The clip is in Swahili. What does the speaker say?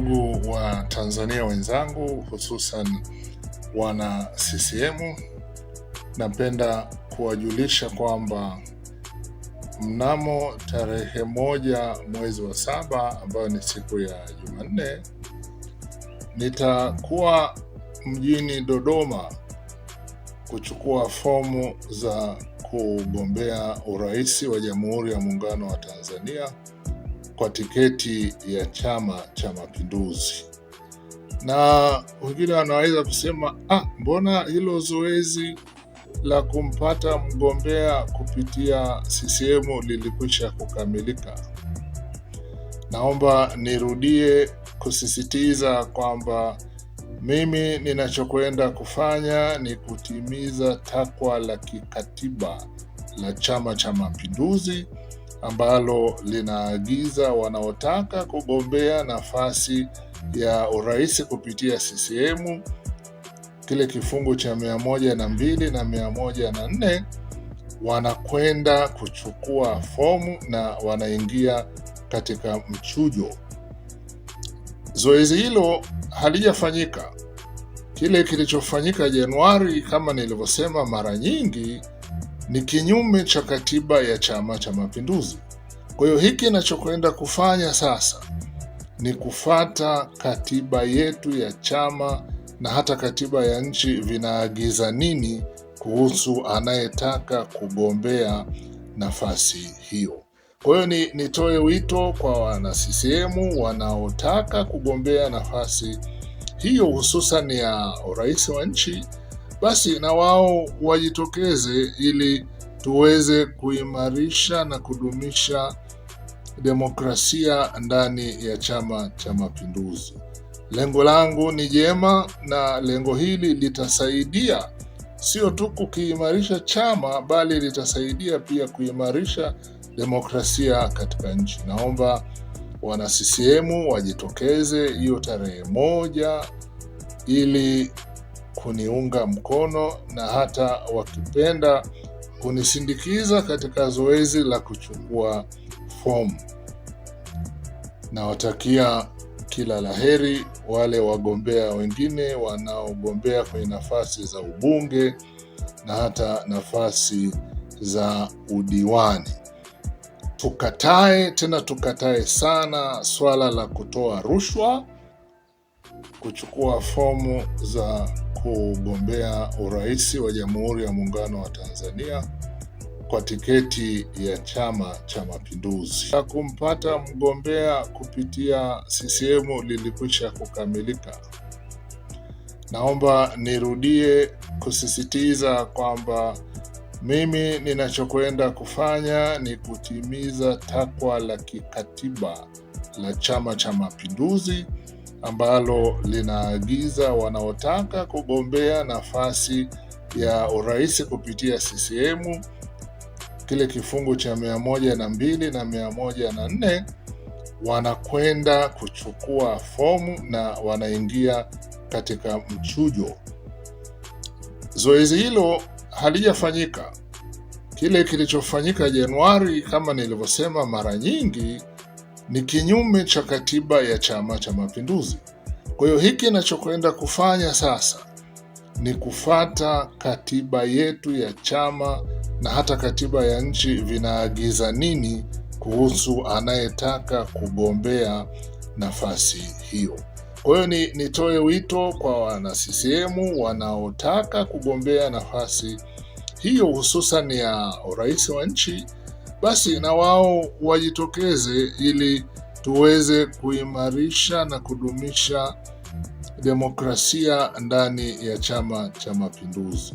Ndugu wa Tanzania wenzangu, hususan wana CCM, napenda kuwajulisha kwamba mnamo tarehe moja mwezi wa saba ambayo ni siku ya Jumanne nitakuwa mjini Dodoma kuchukua fomu za kugombea urais wa Jamhuri ya Muungano wa Tanzania kwa tiketi ya Chama cha Mapinduzi, na wengine wanaweza kusema ah, mbona hilo zoezi la kumpata mgombea kupitia CCM lilikwisha kukamilika. Naomba nirudie kusisitiza kwamba mimi ninachokwenda kufanya ni kutimiza takwa la kikatiba la Chama cha Mapinduzi ambalo linaagiza wanaotaka kugombea nafasi ya urais kupitia CCM kile kifungu cha mia moja na mbili na mia moja na nne wanakwenda kuchukua fomu na wanaingia katika mchujo. Zoezi hilo halijafanyika. Kile kilichofanyika Januari, kama nilivyosema mara nyingi, ni kinyume cha katiba ya Chama cha Mapinduzi. Kwa hiyo hiki inachokwenda kufanya sasa ni kufata katiba yetu ya chama na hata katiba ya nchi vinaagiza nini kuhusu anayetaka kugombea nafasi hiyo. Kwa hiyo ni nitoe wito kwa wana CCM wanaotaka kugombea nafasi hiyo hususan ya urais wa nchi basi na wao wajitokeze ili tuweze kuimarisha na kudumisha demokrasia ndani ya Chama cha Mapinduzi. Lengo langu ni jema, na lengo hili litasaidia sio tu kukiimarisha chama, bali litasaidia pia kuimarisha demokrasia katika nchi. Naomba wana CCM wajitokeze hiyo tarehe moja ili kuniunga mkono na hata wakipenda kunisindikiza katika zoezi la kuchukua fomu. Nawatakia kila laheri wale wagombea wengine wanaogombea kwenye nafasi za ubunge na hata nafasi za udiwani. Tukatae tena, tukatae sana swala la kutoa rushwa kuchukua fomu za kugombea urais wa Jamhuri ya Muungano wa Tanzania kwa tiketi ya Chama cha Mapinduzi. Na kumpata mgombea kupitia CCM lilikwisha kukamilika. Naomba nirudie kusisitiza kwamba mimi ninachokwenda kufanya ni kutimiza takwa la kikatiba la Chama cha Mapinduzi ambalo linaagiza wanaotaka kugombea nafasi ya urais kupitia CCM kile kifungu cha mia moja na mbili na mia moja na nne wanakwenda kuchukua fomu na wanaingia katika mchujo. Zoezi hilo halijafanyika. Kile kilichofanyika Januari, kama nilivyosema mara nyingi ni kinyume cha katiba ya Chama cha Mapinduzi. Kwa hiyo hiki inachokwenda kufanya sasa ni kufata katiba yetu ya chama na hata katiba ya nchi vinaagiza nini kuhusu anayetaka kugombea nafasi hiyo. Kwa hiyo ni nitoe wito kwa wana CCM wanaotaka kugombea nafasi hiyo hususan ya urais wa nchi basi na wao wajitokeze ili tuweze kuimarisha na kudumisha demokrasia ndani ya Chama cha Mapinduzi.